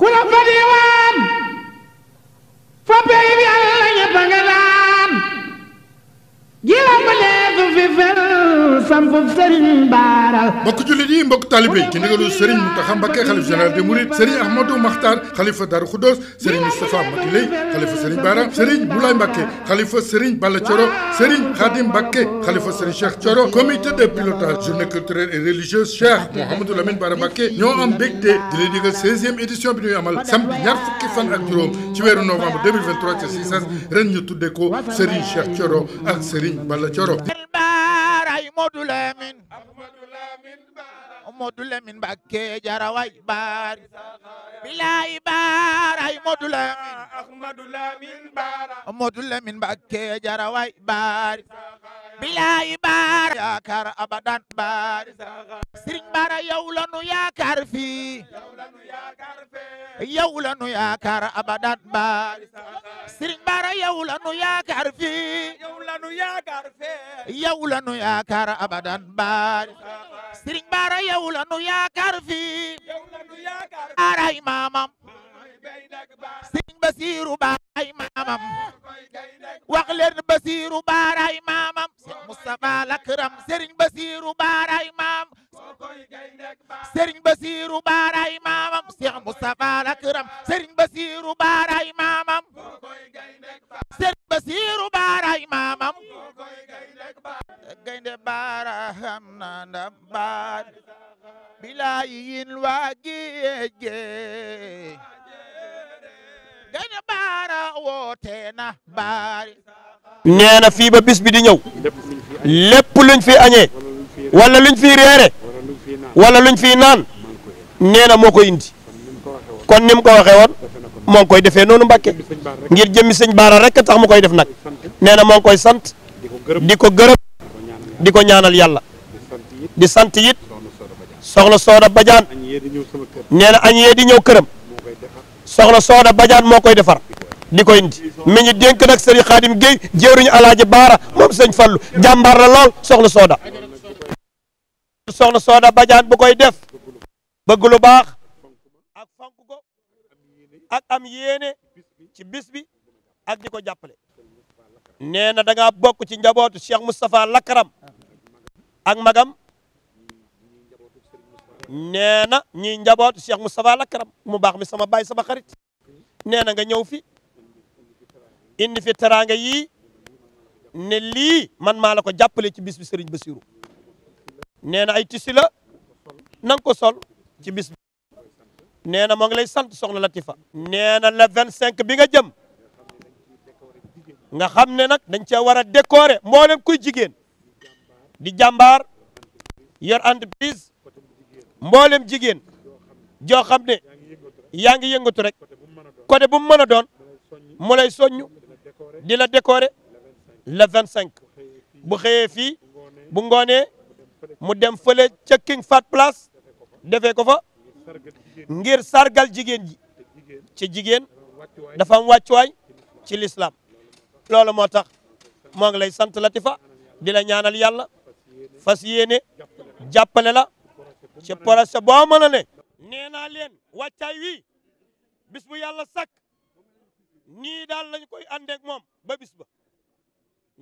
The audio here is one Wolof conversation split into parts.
ku la bari xam foofu Serigne Bara. mbokk jullit yi mbokk talibe yi ci ndigalu Serigne Mountakha Mbacké xalifa général des Mourides Serigne Ahmadou Makhtar xalifa Darou Khoudoss Serigne Moustapha Matiley xalifa Serigne Bara Serigne Moulay Mbacké xalifa Serigne Balla Thioro Serigne Khadim Mbacké xalifa Serigne Cheikh Thioro comité de pilotage journée culturelle et religieuse Cheikh Mouhamadou Lamine Bara Mbacké ñoo am mbégte di leen digal 16e édition bi ñuy amal samedi ñaar fukki fan ak juróom ci weeru novembre 2023 ci Cissas ren ñu tuddee ko Serigne Cheikh Thioro ak Serigne Balla Thioro. Ahmadou Lamine Ahmadou Lamine Modou Lamine Mbacké jara way baar bilaay baar ay Modou Lamine Ahmadou Lamine baar Modou Lamine Mbacké jara way baar bilaay baar yaakaar abadan baar Serigne Bara yow la nu yaakaar fii yow la nu yaakaar abadan baar Serigne Bara yow la nu yaakaar fii yow la nu yaakaar abadan baar Serigne Bara yow la nu yaakaar fii aray maamam sëñ Basiiru baaray maamam wax leen Basiiru baaray maamam sëñ Mustafa Lakram sëriñ Basiiru baaray maam sëriñ Basiiru baaray maamam bila yin waa géej gana baara na fii ba bis bi di ñëw lépp luñ fi añee wala luñ fi reere wala luñ fi naan nee na moo ko indi kon ni mu ko waxee woon moo ngi koy defee noonu Mbàkke ngir jëmmi sëñ Baara rek tax mu koy def nag nee na moo koy sant di ko gërëm di ko ñaanal yàlla di sant yit soxna Sooda Badiane nee na añ yee di ñëw këram soxna Sooda Badiane moo koy defar di koy indi mi ñu dénk nag Serigne Khadim Gueye Baara moom sëñ Fallu jàmbaar la lool soxna Sooda soxna Sooda Badiane bu koy def bëgg lu ak fonk ko ak am yéene ci bis bi ak di ko jàppale nee danga da ngaa bokk ci njabootu Cheikh Moustapha Lakaram ak magam nee na ñi njaboot Cheikh Moustapha Lakaram mu baax mi sama baay sama karit nee na nga ñëw fi indi fi teraanga yii ne lii man maa la ko jàppale ci bis bi Serigne Bassirou nee na ay tisi la ko sol ci bis bi nee na moo ngi lay sant soxna Latifa nee na le vingt cinq bi nga jëm nga xam ne nag dañ cee war a décorer mboolem kuy jigéen di jàmbaar yor entreprise mboolem jigéen joo xam ne yaa ngi yëngatu rek côté bu mu mën a doon mu lay soññ di la décorer le 25 bu xëyee fii bu ngoonee mu dem fële ca King Fat Place defee ko fa ngir sargal jigéen ji ci jigéen dafa am wàccuwaay ci l'islam loolu moo tax moo ngi lay sant Latifa di la ñaanal yàlla fas yéene jàppale la. ci projet boo mën a ne nee naa leen wàccaay wii bis bu yàlla sàkk nii daal lañ koy àndeek moom ba bis ba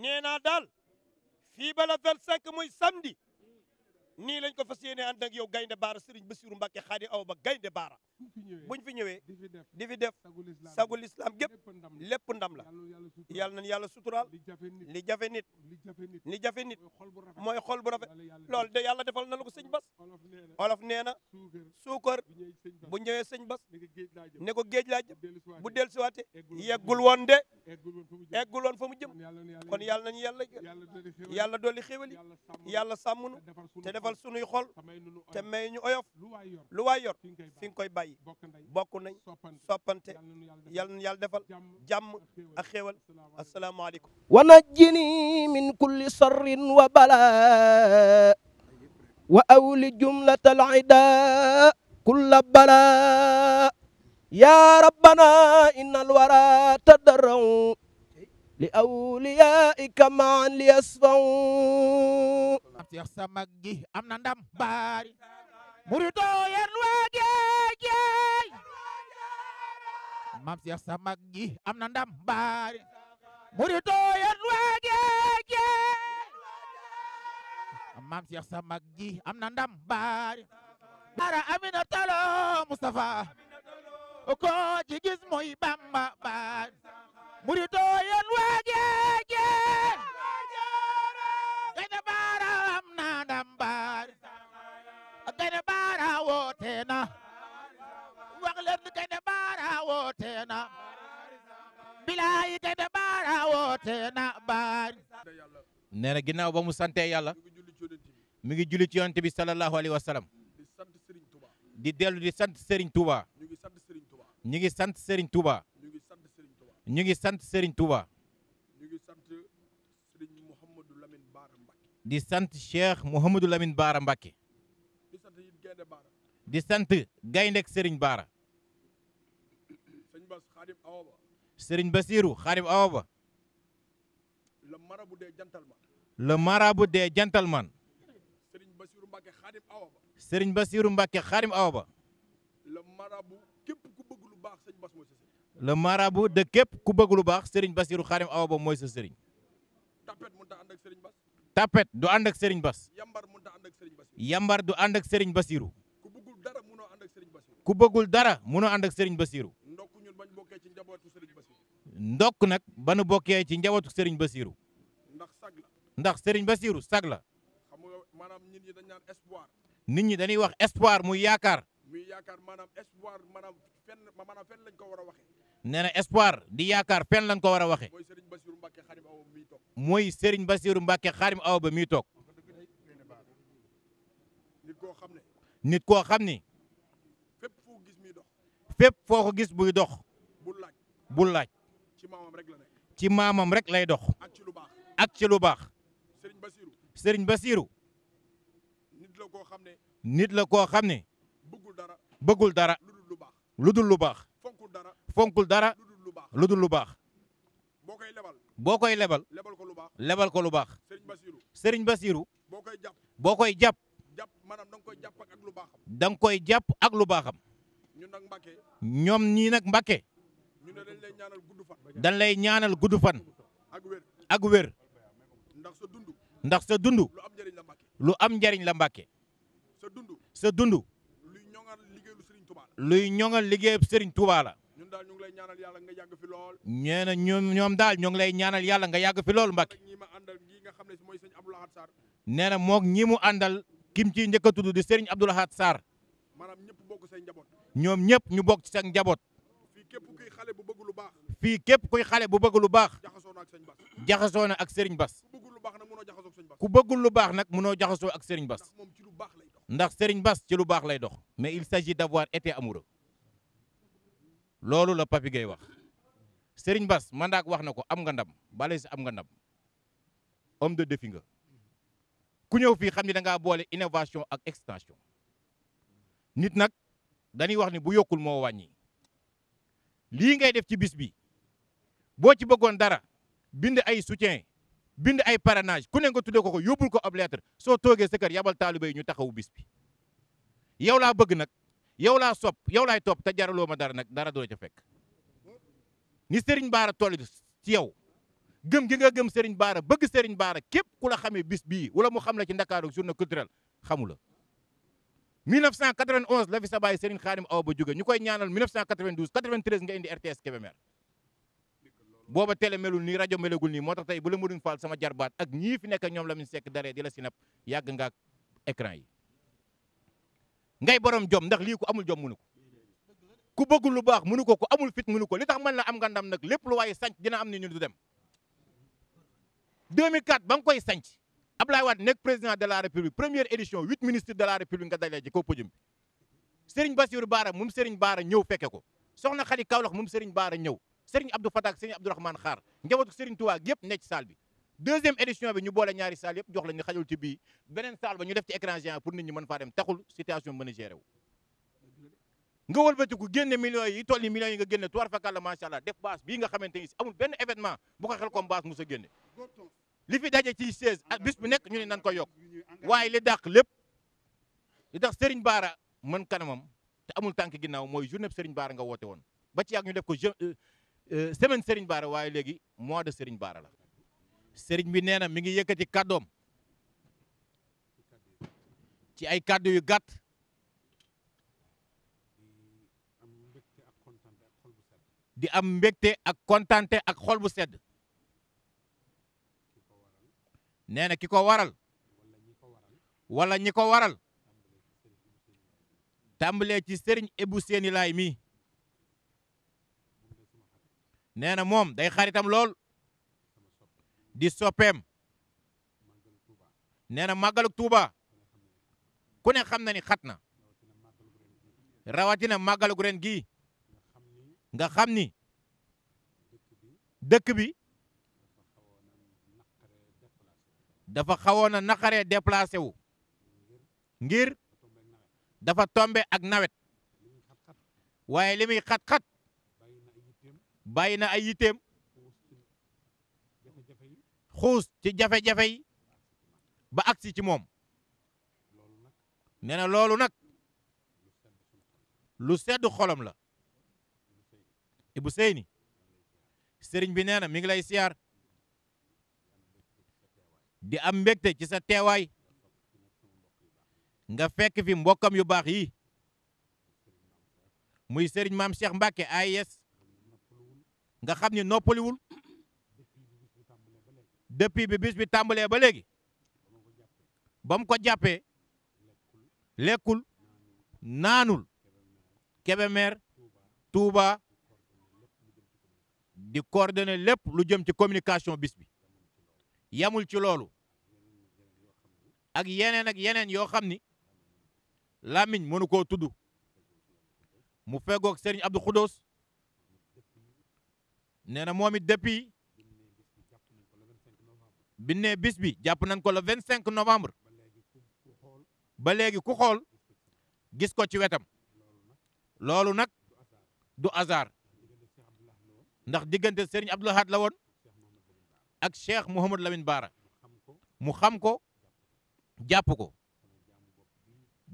nee naa daal fii ba la 25 muy samedi ni lañ ko fas yéene ànd ak yow gaynde baara Serigne Bassirou Mbacke xaadi aw ba gaynde baara buñ fi ñëwee di fi def sagu lislaam gépp lépp ndam la yàlla nañ yàlla suturaal li jafe nit li jafe nit mooy xol bu rafet lool de yàlla defal na la ko sëñ bas olof nee na suukar bu ñëwee sëñ bas ne ko géej laa jëm bu del siwaate yeggul woon de eggul woon fa mu jëm kon yàlla nañ yàlla yàlla dooli xéwal yi yàlla oyofal sunuy xol te may ñu oyof lu waay yor fi nga koy bàyyi bokk nañ soppante yal na yàlla defal jàmm ak xéewal asalaamaaleykum wa najjini min kulli sarrin wa bala wa awli jumlat al ida kulla bala ya rabbana innal wara tadarraw لأوليائك معا ليصفوا Seex sa mag gi am na ndam baari murido yen waa Maam Seex sa mag gi am na ndam baari murido yen waa Maam Seex sa mag gi am na ndam baari bara Amina Talo Mustafa ko gis mooy Bamba baari murito yen wajejen gayna baara am na ndambaar gayna baara woote na wax leen gayna baara woote na bilaay gayna baara woote na baar nee na ginnaaw ba mu sante yàlla mi ngi julli ci yonent bi sallallahu alayhi wa di dellu di sant Serigne Touba ñu ngi sant Serigne Touba ñu ngi sant sëriñ Touba. sant Serigne Mouhamadou Lamine Baara Mbacke. di sant Cheikh Mouhamadou Lamine Baara Mbacke. di sant Gaynde Baara. di sant Gayndek Serigne Baara. Serigne Bass Khadim Awa Ba. Serigne Bassirou Khadim Awa Ba. le marabout sëriñ gentlemen. le marabout des gentlemen. Serigne Ba. le marabout de képp ku bëgg lu baax Serigne Bassirou Khadim Awa Ba mooy sa Serigne. tapet mënut ànd ak Serigne Bass. tapet du ànd ak Serigne Bass. yambar mënut ànd ak Serigne Bassirou. yambar du ànd ak Serigne Bassirou. ku bëggul dara mënoo ànd ak Serigne Bassirou. ku bëggul dara mënoo ànd ak Serigne Bassirou. ndokk ñun bañ bokkee ci njabootu Serigne Bassirou. ndokk nag ba nu bokkee ci njabootu Serigne Bassirou. ndax sag la. ndax Serigne Bassirou sag la. xam nga maanaam nit ñi dañ naan espoir. nit ñi dañuy wax espoir muy yaakaar. yaakaar maanaam espoir maanaam fenn maanaam fenn lañ ko war a waxee nee na espoir di yaakaar fen lañ ko war a waxee mooy Serigne Bassirou Mbacke Xaadim Awa Ba miy toog nit koo xam ni fépp foo ko gis buy dox bul laaj ci maamam rek lay dox ak ci lu baax Serigne Bassirou nit la koo xam ne bëggul dara lu dul lu baax fonkul dara lu dul lu baax boo koy lebal lebal ko lu baax sëriñ Bassirou boo koy jàpp da nga koy jàpp ak lu baaxam ñoom ñii nag Mbàkke dañ lay ñaanal gudd fan ak wér ndax sa dund lu am njariñ la mbake sa dund luy ñoŋal liggéeyub Serigne Touba la daal ñu ngi lay ñaanal yàlla nga yàgg fi lool nee na ñoom ñoom daal lay ñaanal yàlla yàgg fi lool Mbacke ñi ma nga xam ne mooy sëñ Abdou Lahad nee na moog ñi àndal kim ci njëkk a tudd di sëriñ Abdou saar maanaam ñëpp bokk seen njaboot ñoom ñëpp ñu bokk seen njaboot fii képp kuy xale bu bëgg lu baax fii képp kuy xale bu bëgg lu baax jaxasoo na ak sëñ Bass jaxasoo na ak sëriñ Bass ku bëggul lu baax nag mënoo jaxasoo ak sëriñ Bass ndax sëriñ Bass ci lu baax lay dox mais il s'agit d'avoir été amoureux loolu la Papi Gueye wax Serigne Bass Mandak wax na ko am nga ndam bala si am nga ndam homme de défi nga ku ñëw fii xam ni da boole innovation ak extension nit nag dañuy wax ni bu yokkul moo wàññi lii ngay def ci bis bi boo ci bëggoon dara bind ay soutien bind ay parrainage ku ne nga tuddee ko ko yóbbul ko ab lettre soo toogee sa kër yabal taalibe ñu taxaw bis bi yow laa bëgg nag. yow laa sop yow laay topp te jaraloo ma dara nag dara doo ca fekk ni Serigne Bara toll ci yow gëm gi nga gëm Serigne Bara bëgg Serigne Bara képp ku la xamee bis bii wala mu xam la ci Ndakaaru journée culturelle xamu la 1991 la fi sa baay Serigne Khadim Awa Ba jóge ñu koy ñaanal 1992 93 nga indi RTS Kébémer booba télé melul nii rajo melagul nii moo tax tey ba la Modou Fall sama jarbaat ak ñii fi nekk ñoom la ñu sekk daree di la sinap yàgg nga ak écran yi ngay borom jom ndax lii ko amul jom mënu ko ku bëggul lu baax mënu ko ku amul fit mënu ko li tax mën la am nga ndam nag lépp lu waaye sanc dina am ne ñu du dem 2004 ba nga koy sanc Ablaye Wade nekk président de la république première édition huit ministres de la république nga dalee ci kaw podium bi Serigne Bassirou Baara moom Serigne Baara ñëw fekke ko soxna Xadi Kaolack moom Serigne Baara ñëw Serigne Abdou Fatak Serigne Abdourahmane Xaar njabootu Serigne Touba yëpp nekk ci saal bi deuxième édition bi ñu boole ñaari salle yëpp jox la ñu xajul ci bii beneen salle ba ñu def ci écran géant pour nit ñi mën faa dem taxul situation mën a gérer wu nga wëlbatiku génne millions yi toll yi millions yi nga génne tuwaar fakàlla macha allah def base bii nga xamante ni amul benn événement bu ko xel comme base mu sa génne li fi daje ci 16 ak ah, bis bu nekk ñu ne nan ko yokk waaye li dàq lépp li tax Serigne baara man kanamam te amul tànk ginnaaw mooy journée Serigne Bara nga woote woon ba ci yàgg ñu def ko euh, euh, semaine Serigne Bara waaye léegi mois de Serigne Bara la sëriñ bi nee na mi ngi yëkkati kàddoom ci ay kàddu yu gàtt di am mbégte ak kontante ak xol bu sedd nee na ki ko waral wala ñi ko waral tàmbalee ci sëriñ Ebu Seeni lay mi nee na moom day xaritam lool di soppeem nee na màggalug Tuuba ku ne xam na ni xat na rawatina màggalug ren gi nga xam ni dëkk bi dafa xawoon a naqaree wu ngir dafa tombe ak nawet waaye li xat-xat bàyyi na ay xuus ci jafe-jafe yi ba agsi ci moom nee na loolu nag lu sedd xolom la bu Seyni sëriñ bi nee na mi ngi lay siyaar di am mbégte ci sa teewaay nga fekk fi mbokkam yu baax yi muy sëriñ maam Cheikh Mbacke AIS nga xam ni noppaliwul depuis bi bis bi tàmbalee ba léegi ba ko jàppee lekkul naanul Kébémer Touba di coordonner lépp lu jëm ci communication bis bi yamul ci loolu ak yeneen ak yeneen yoo xam ni làmmiñ mënu koo tudd mu feggoog Serigne Abdou Khoudous nee na moom it depuis bi ne bis bi jàpp nañ ko le vingt cinq novembre ba léegi ku xool gis ko ci wetam loolu nag du hasard ndax diggante sëriñ Abdou Lahad la woon ak cheikh Mouhamadou Lamine Baara mu xam ko jàpp ko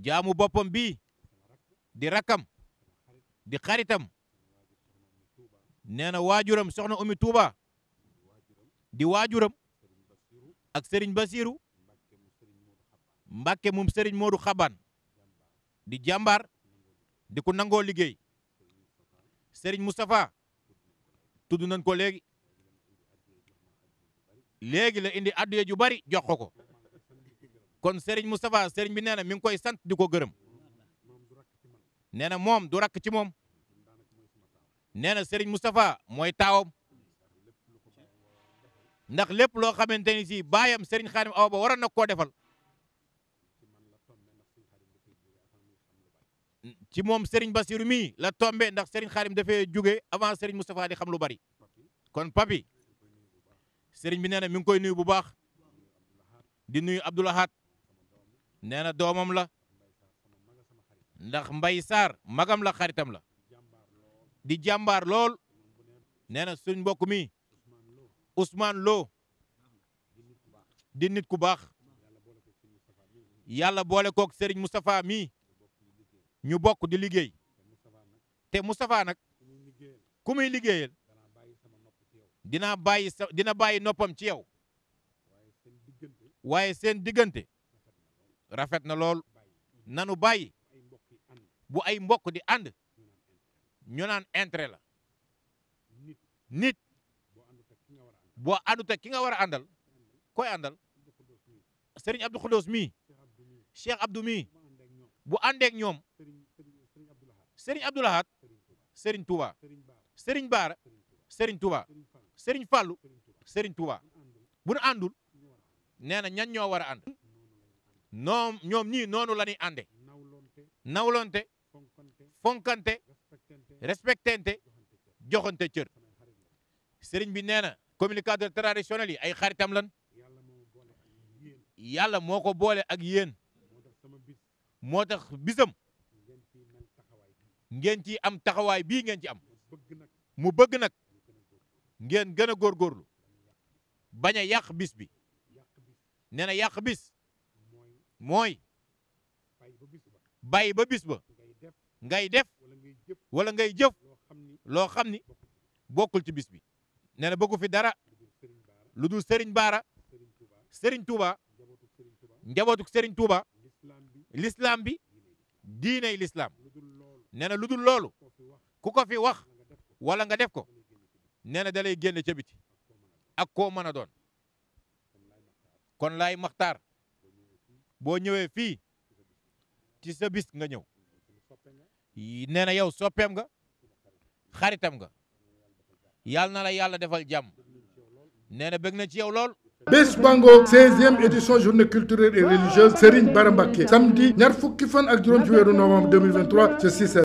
jaamu boppam bii di rakkam di xaritam nee na waajuram soxna Oumy Touba di waajuram ak sëriñ Basiiru Mbàkke moom sëriñ Moodu Xabaan di jàmbaar di ku nangoo liggéey sëriñ Moustapha tudd nañ ko léegi léegi la indi adduye ju bari jox ko ko kon sëriñ Moustapha sëriñ bi nee na mi ngi koy sant di ko gërëm nee moom du rakk ci moom nee na sëriñ Moustapha ndax lépp loo xamante ni si baayam Serigne Khadim Awa Ba waroon na koo defal ci moom Serigne Bassirou mii la tombe ndax Serigne Khadim dafay jóge avant Serigne Moustapha di xam lu bari kon papi Serigne bi nee na mi ngi koy nuyu bu baax di nuyu Abdoul Ahad nee na doomam la ndax Mbaye Sarr magam la xaritam la di jàmbaar lool nee na suñ mbokk mi Ousmane loo di nit ku baax yàlla boole kook Serigne Moustapha mii ñu bokk di liggéey te Moustapha nag ku muy liggéeyal dina bàyyi sa dina bàyyi noppam ci yow waaye seen diggante rafet na lool nanu bàyyi bu ay mbokk di ànd ñu naan intérêt la nit boo àndut ak ki nga war a àndal koy àndal Serigne Abdou Khoudous mii Cheikh Abdou bu àndeek ñoom Serigne Abdou Lahad Serigne Touba Serigne Baara Serigne Touba Serigne Fallou Serigne Touba bu nu àndul nee na ñan ñoo war a ànd ñoom ñii noonu la ñuy ànde nawlonte fonkante respectante joxante cër sëriñ bi nee communicateur traditionnel yi ay xaritam lan yàlla moo ko boole ak yéen moo tax bisam ngeen ci am taxawaay bii ngeen ci am mu bëgg nag ngeen gën a góorgóorlu bañ a yàq bis bi nee na yàq bis mooy bàyyi ba bis ba ngay def wala ngay jëf loo xam ni bokkul ci bis bi nee na bëggu fi dara lu dul Baara Serigne Touba njabootuk Serigne Touba l'islam bi diiney l'islam nee na lu dul loolu ku ko fi wax wala nga def ko nee na da lay génn ca biti ak koo mën a doon kon lay maxtaar boo ñëwee fii ci sa bis nga ñëw nee na yow soppeem nga xaritam nga yàlla na la yàlla defal jàmm nee na bëgg na ci yow lool. bés bango seizième édition journée culturelle et religieuse Serigne Bara Mbacké samedi fukki fan ak juróom ci weeru novembre 2023